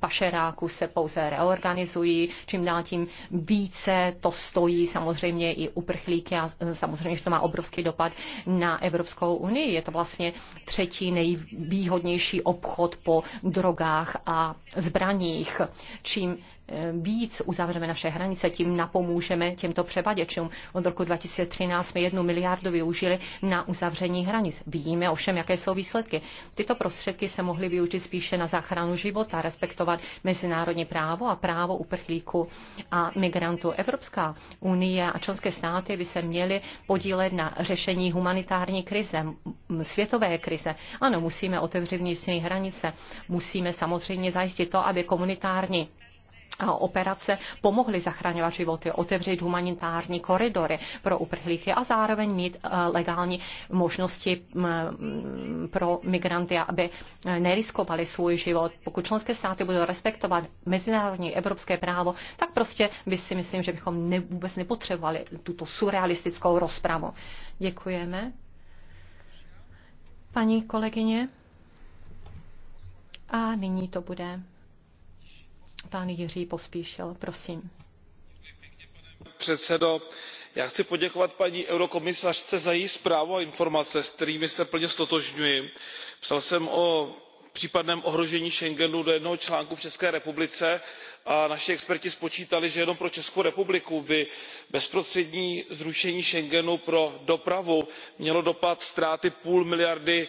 Speaker 1: pašeráků se pouze reorganizují, čím dál tím více to stojí samozřejmě i uprchlíky a eh, samozřejmě, že to má obrovský dopad na Evropskou unii. Je to vlastně třetí nejvýhodnější obchod po drogách a zbraních, čím Eh, víc uzavřeme naše hranice, tím napomůžeme těmto převaděčům. Od roku 2013 jsme jednu miliardu využili na uzavření hranic. Vidíme ovšem, jaké jsou výsledky. Tyto prostředky se mohly využít spíše na záchranu života, respektovat mezinárodní právo a právo uprchlíků a migrantů. Evropská unie a členské státy by se měly podílet na řešení humanitární krize, světové krize. Ano, musíme otevřít vnitřní hranice, musíme samozřejmě zajistit to, aby komunitární operace pomohly zachraňovat životy, otevřít humanitární koridory pro uprchlíky a zároveň mít eh, legální možnosti mm, mm, pro migranty, aby eh, neriskovali svůj život. Pokud členské státy budou respektovat mezinárodní evropské právo, tak prostě by si myslím, že bychom ne, vůbec nepotřebovali tuto surrealistickou rozpravu. Děkujeme. Paní kolegyně. A nyní to bude pan Jiří Pospíšil, prosím.
Speaker 5: Předsedo, já chci poděkovat paní eurokomisařce za její zprávu a informace s kterými se plně stotožňuji. psal jsem o případném ohrožení schengenu do jednoho článku v české republice a naši experti spočítali že jenom pro českou republiku by bezprostřední zrušení schengenu pro dopravu mělo dopad ztráty půl miliardy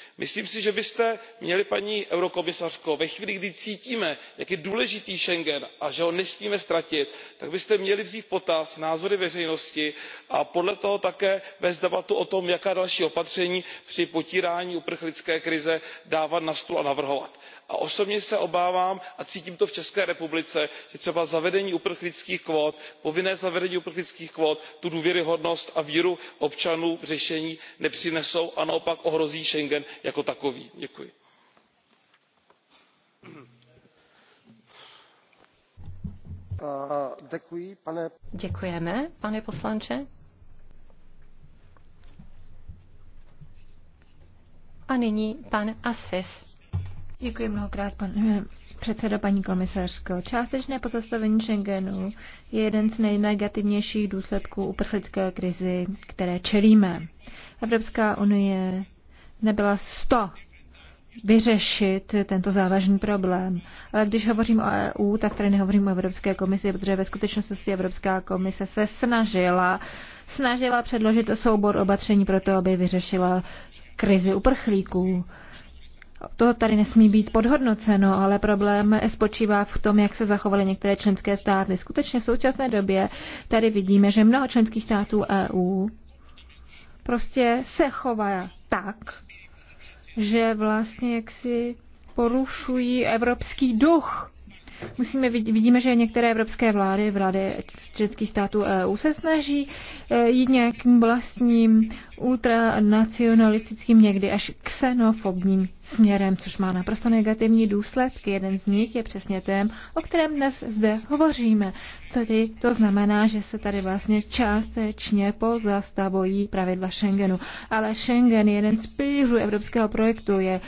Speaker 5: myslím si že byste měli paní komisařko ve chvíli kdy cítíme jak je důležitý schengen a že ho nesmíme ztratit vzít v potaz názory veřejnosti a podle toho také vést debatu o tom jaká další opatření při potírání uprchlické krize dávat na stůl a navrhovat. a osobně se obávám a cítím to v české republice že třeba zavedení uprchlických kvót povinné zavedení uprchlických kvót tu důvěryhodnost a víru občanů v řešení nepřinesou a naopak ohrozí schengen jako takový jako takový. děkuji.
Speaker 1: Děkujeme, pane poslanče. A nyní pan Asis. Děkuji
Speaker 2: mnohokrát, pane předsedo, paní komisařko. Částečné pozastavení Schengenu je jeden z nejnegativnějších důsledků uprchlické krizi, které čelíme. Evropská unie nebyla sto vyřešit tento závažný problém. Ale když hovořím o EU, tak tady nehovořím o Evropské komisi, protože ve skutečnosti Evropská komise se snažila, snažila předložit soubor opatření pro to, aby vyřešila krizi uprchlíků. To tady nesmí být podhodnoceno, ale problém spočívá v tom, jak se zachovaly některé členské státy. Skutečně v současné době tady vidíme, že mnoho členských států EU prostě se chová tak, že vlastně jaksi porušují evropský duch. Musíme, vidíme, že některé evropské vlády, vlády českých států EU se snaží e, jít nějakým vlastním ultranacionalistickým, někdy až xenofobním směrem, což má naprosto negativní důsledky. Jeden z nich je přesně ten, o kterém dnes zde hovoříme. Tedy to znamená, že se tady vlastně částečně pozastavují pravidla Schengenu. Ale Schengen, jeden z pilířů evropského projektu, je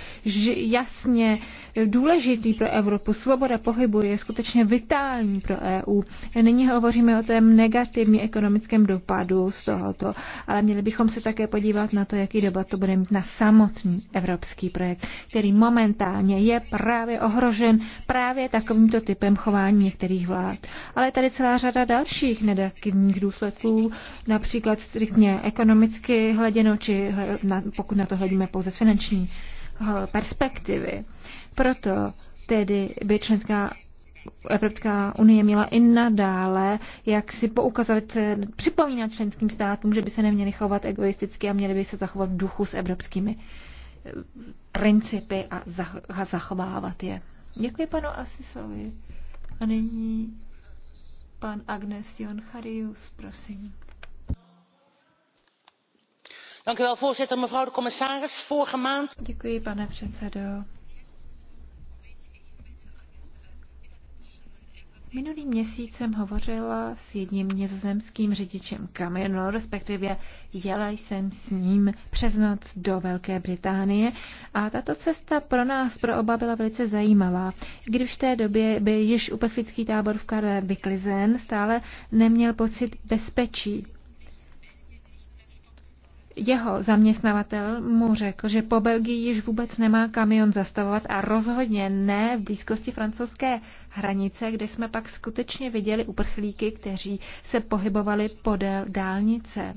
Speaker 2: jasně důležitý pro Evropu. Svoboda pohybu je skutečně vitální pro EU. Nyní hovoříme o tom negativním ekonomickém dopadu z tohoto, ale měli bychom se také podívat na to, jaký dopad to bude mít na samotný evropský projekt který momentálně je právě ohrožen právě takovýmto typem chování některých vlád. Ale tady celá řada dalších negativních důsledků, například striktně ekonomicky hleděno, či na, pokud na to hledíme pouze z finanční perspektivy. Proto tedy by členská Evropská unie měla i nadále, jak si poukazovat, připomínat členským státům, že by se neměli chovat egoisticky a měli by se zachovat v duchu s evropskými principy a, zachovávat je. Děkuji panu Asisovi. A nyní pan Agnes Jon Charius, prosím. Děkuji, pane předsedo. Minulý měsíc jsem hovořila s jedním nězozemským řidičem kamionu, respektive jela jsem s ním přes noc do Velké Británie a tato cesta pro nás, pro oba, byla velice zajímavá. Když v té době byl již uprchlický tábor v Karle vyklizen, stále neměl pocit bezpečí. Jeho zaměstnavatel mu řekl, že po Belgii již vůbec nemá kamion zastavovat a rozhodně ne v blízkosti francouzské hranice, kde jsme pak skutečně viděli uprchlíky, kteří se pohybovali podél dálnice.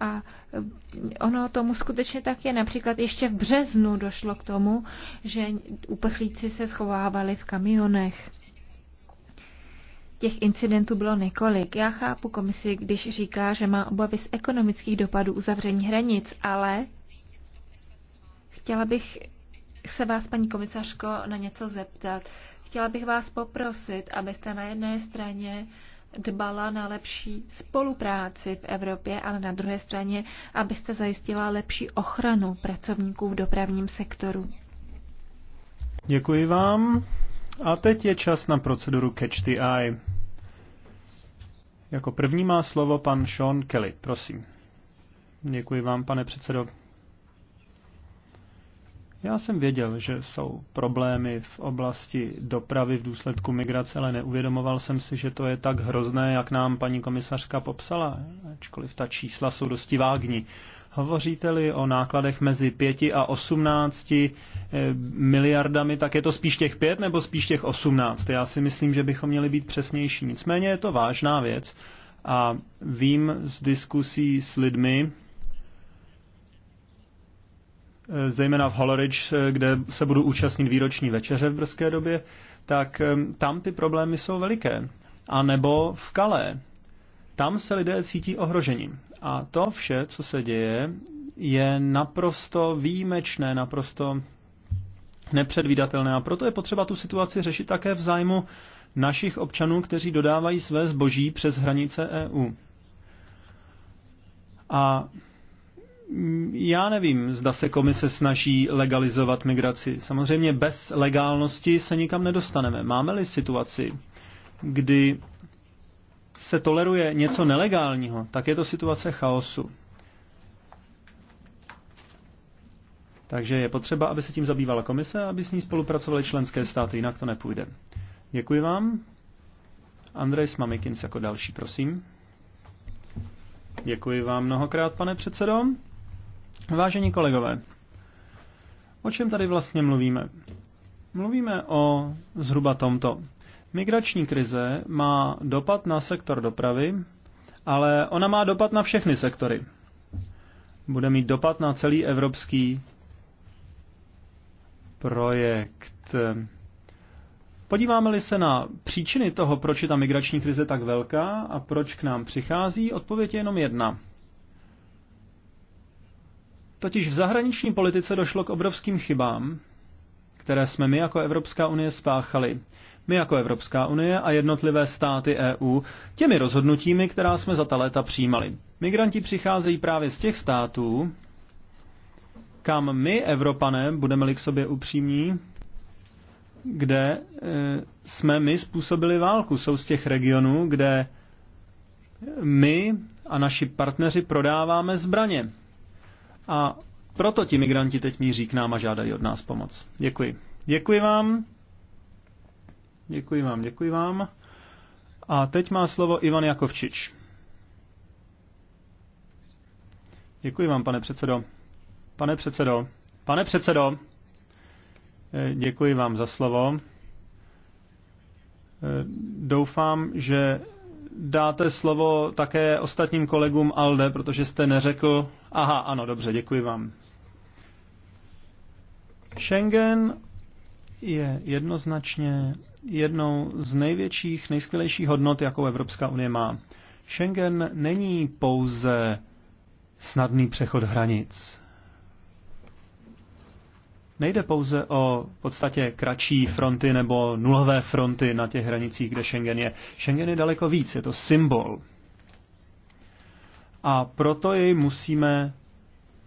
Speaker 2: A e, ono tomu skutečně tak je. Například ještě v březnu došlo k tomu, že uprchlíci se schovávali v kamionech. Těch incidentů bylo několik. Já chápu komisi, když říká, že má obavy z ekonomických dopadů uzavření hranic, ale chtěla bych se vás, paní komisařko, na něco zeptat. Chtěla bych vás poprosit, abyste na jedné straně dbala na lepší spolupráci v Evropě, ale na druhé straně, abyste zajistila lepší ochranu pracovníků v dopravním sektoru.
Speaker 3: Děkuji vám. A teď je čas na proceduru Catch the Eye. Jako první má slovo pan Sean Kelly, prosím. Děkuji vám, pane předsedo. Já jsem věděl, že jsou problémy v oblasti dopravy v důsledku migrace, ale neuvědomoval jsem si, že to je tak hrozné, jak nám paní komisařka popsala, ačkoliv ta čísla jsou dosti vágní. Hovoříte-li o nákladech mezi 5 a 18 eh, miliardami, tak je to spíš těch 5 nebo spíš těch 18? Já si myslím, že bychom měli být přesnější. Nicméně je to vážná věc a vím z diskusí s lidmi, eh, zejména v Holoridge, eh, kde se budu účastnit výroční večeře v brzké době, tak tam ty problémy jsou veliké. A nebo v Kalé. Tam se lidé cítí ohrožením. A to vše, co se děje, je naprosto výjimečné, naprosto nepředvídatelné. A proto je potřeba tu situaci řešit také v zájmu našich občanů, kteří dodávají své zboží přes hranice EU. A já nevím, zda se komise snaží legalizovat migraci. Samozřejmě bez legálnosti se nikam nedostaneme. Máme-li situaci, kdy se toleruje něco nelegálního, tak je to situace chaosu. Takže je potřeba, aby se tím zabývala komise, aby s ní spolupracovaly členské státy, jinak to nepůjde. Děkuji vám. Andrej Smamikins jako další, prosím. Děkuji vám mnohokrát, pane předsedo. Vážení kolegové, o čem tady vlastně mluvíme? Mluvíme o zhruba tomto. Migrační krize má dopad na sektor dopravy, ale ona má dopad na všechny sektory. Bude mít dopad na celý evropský projekt. Podíváme-li se na příčiny toho, proč je ta migrační krize tak velká a proč k nám přichází, odpověď je jenom jedna. Totiž v zahraniční politice došlo k obrovským chybám, které jsme my jako Evropská unie spáchali my jako Evropská unie a jednotlivé státy EU těmi rozhodnutími, která jsme za ta léta přijímali. Migranti přicházejí právě z těch států, kam my, Evropané, budeme-li k sobě upřímní, kde e, jsme my způsobili válku. Jsou z těch regionů, kde my a naši partneři prodáváme zbraně. A proto ti migranti teď míří k nám a žádají od nás pomoc. Děkuji. Děkuji vám. Děkuji vám, děkuji vám. A teď má slovo Ivan Jakovčič. Děkuji vám, pane předsedo. Pane předsedo, pane předsedo, eh, děkuji vám za slovo. Eh, doufám, že dáte slovo také ostatním kolegům Alde, protože jste neřekl... Aha, ano, dobře, děkuji vám. Schengen je jednoznačně jednou z největších, nejskvělejších hodnot, jakou Evropská unie má. Schengen není pouze snadný přechod hranic. Nejde pouze o v podstatě kratší fronty nebo nulové fronty na těch hranicích, kde Schengen je. Schengen je daleko víc, je to symbol. A proto jej musíme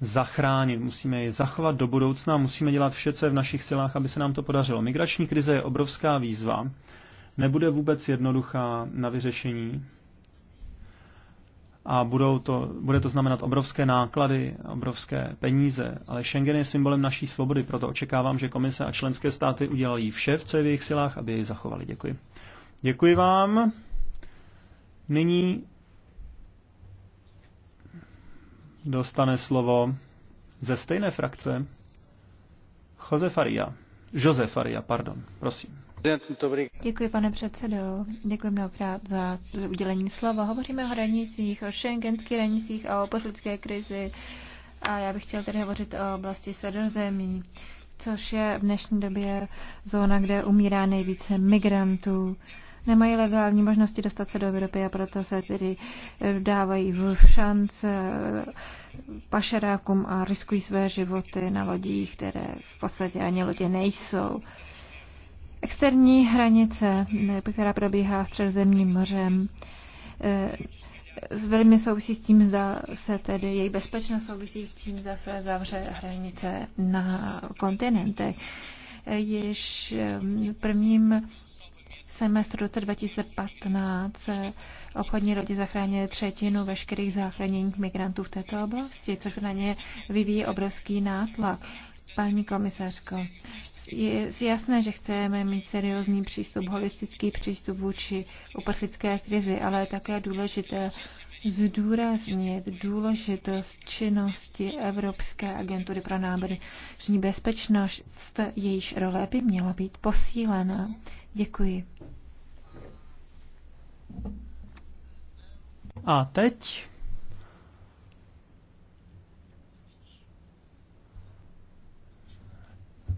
Speaker 3: zachránit, musíme je zachovat do budoucna, musíme dělat vše, co je v našich silách, aby se nám to podařilo. Migrační krize je obrovská výzva, nebude vůbec jednoduchá na vyřešení a budou to, bude to znamenat obrovské náklady, obrovské peníze, ale Schengen je symbolem naší svobody, proto očekávám, že komise a členské státy udělají vše, co je v jejich silách, aby je zachovali. Děkuji. Děkuji vám. Nyní dostane slovo ze stejné frakce Jose Faria. Jose Faria, pardon,
Speaker 5: prosím.
Speaker 2: Děkuji, pane předsedo. Děkuji mnohokrát za udělení slova. Hovoříme o hranicích, o šengenských hranicích a o uprchlické krizi. A já bych chtěl tedy hovořit o oblasti sedozemí, což je v dnešní době zóna, kde umírá nejvíce migrantů nemají legální možnosti dostat se do Evropy a proto se tedy eh, dávají v šance eh, pašerákům a riskují své životy na lodích, které v podstatě ani lodě nejsou. Externí hranice, eh, která probíhá středozemním mořem, velmi souvisí s tím, zda se tedy její bezpečnost souvisí s tím, zda se zavře hranice na kontinentech. jež prvním semestru roce 2015 obchodní rodi zachránili třetinu veškerých záchraněných migrantů v této oblasti, což na ně vyvíjí obrovský nátlak. Paní komisařko, je jasné, že chceme mít seriózní přístup, holistický přístup vůči uprchlické krizi, ale je také důležité zdůraznit důležitost činnosti Evropské agentury pro nábřežní bezpečnost, jejíž role by měla být posílena. Děkuji.
Speaker 3: A teď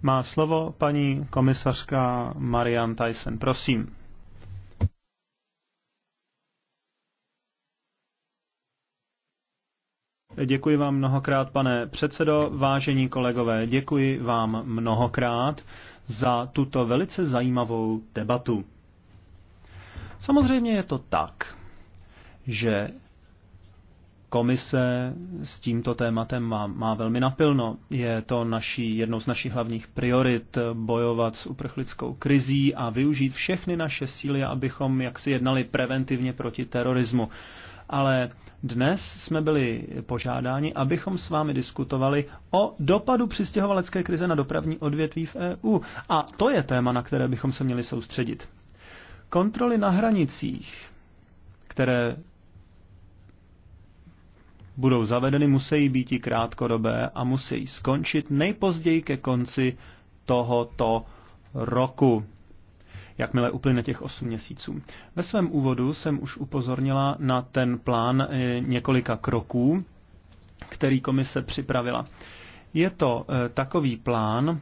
Speaker 3: má slovo paní komisařka Marian Tyson. Prosím. Děkuji vám mnohokrát, pane předsedo. Vážení kolegové, děkuji vám mnohokrát za tuto velice zajímavou debatu. Samozřejmě je to tak, že komise s tímto tématem má, má velmi napilno. Je to naší, jednou z našich hlavních priorit bojovat s uprchlickou krizí a využít všechny naše síly, abychom jaksi jednali preventivně proti terorismu ale dnes jsme byli požádáni, abychom s vámi diskutovali o dopadu přistěhovalecké krize na dopravní odvětví v EU. A to je téma, na které bychom se měli soustředit. Kontroly na hranicích, které budou zavedeny, musí být i krátkodobé a musí skončit nejpozději ke konci tohoto roku jakmile uplyne těch 8 měsíců. Ve svém úvodu jsem už upozornila na ten plán eh, několika kroků, který komise připravila. Je to eh, takový plán,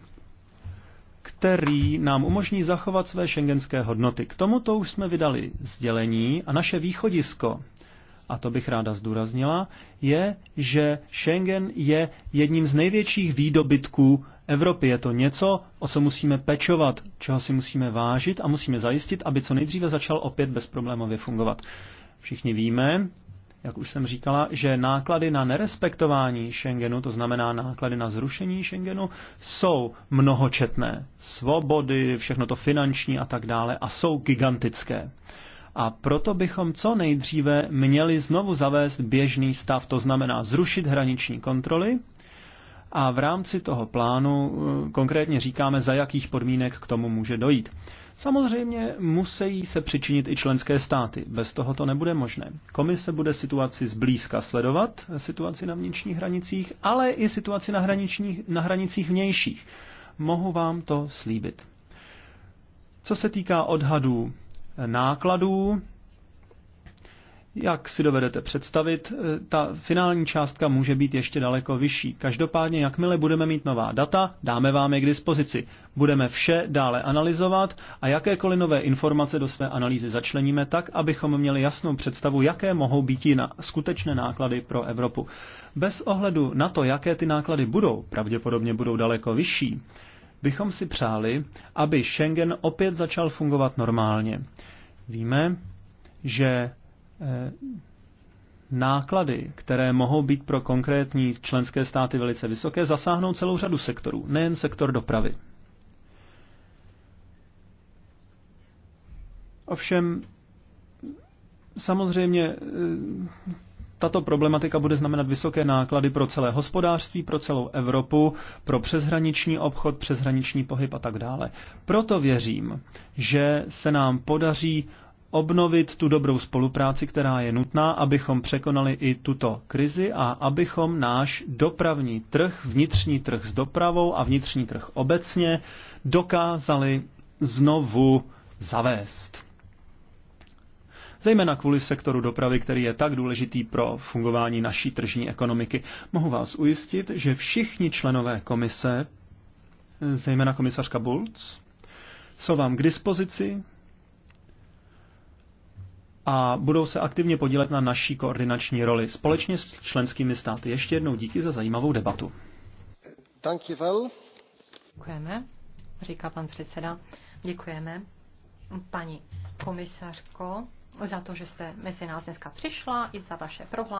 Speaker 3: který nám umožní zachovat své šengenské hodnoty. K tomuto už jsme vydali sdělení a naše východisko, a to bych ráda zdůraznila, je, že Schengen je jedním z největších výdobytků Evropy. Je to něco, o co musíme pečovat, čeho si musíme vážit a musíme zajistit, aby co nejdříve začal opět bezproblémově fungovat. Všichni víme, jak už jsem říkala, že náklady na nerespektování Schengenu, to znamená náklady na zrušení Schengenu, jsou mnohočetné. Svobody, všechno to finanční a tak dále a jsou gigantické. A proto bychom co nejdříve měli znovu zavést běžný stav, to znamená zrušit hraniční kontroly, a v rámci toho plánu eh, konkrétně říkáme, za jakých podmínek k tomu může dojít. Samozřejmě musí se přičinit i členské státy. Bez toho to nebude možné. Komise bude situaci zblízka sledovat, situaci na vnitřních hranicích, ale i situaci na, hraničních, na hranicích vnějších. Mohu vám to slíbit. Co se týká odhadů nákladů, jak si dovedete představit, eh, ta finální částka může být ještě daleko vyšší. Každopádně, jakmile budeme mít nová data, dáme vám je k dispozici. Budeme vše dále analyzovat a jakékoliv nové informace do své analýzy začleníme tak, abychom měli jasnou představu, jaké mohou být na skutečné náklady pro Evropu. Bez ohledu na to, jaké ty náklady budou, pravděpodobně budou daleko vyšší, bychom si přáli, aby Schengen opět začal fungovat normálně. Víme, že Eh, náklady, které mohou být pro konkrétní členské státy velice vysoké, zasáhnou celou řadu sektorů, nejen sektor dopravy. Ovšem, samozřejmě eh, tato problematika bude znamenat vysoké náklady pro celé hospodářství, pro celou Evropu, pro přeshraniční obchod, přeshraniční pohyb a tak dále. Proto věřím, že se nám podaří obnovit tu dobrou spolupráci, která je nutná, abychom překonali i tuto krizi a abychom náš dopravní trh, vnitřní trh s dopravou a vnitřní trh obecně dokázali znovu zavést. Zejména kvůli sektoru dopravy, který je tak důležitý pro fungování naší tržní ekonomiky. Mohu vás ujistit, že všichni členové komise, zejména komisařka Bulc, jsou vám k dispozici a budou se aktivně podílet na naší koordinační roli společně s členskými státy. Ještě jednou díky za zajímavou debatu.
Speaker 1: Děkujeme, říká pan předseda. Děkujeme, paní komisařko, za to, že jste mezi nás dneska přišla i za vaše prohlášení.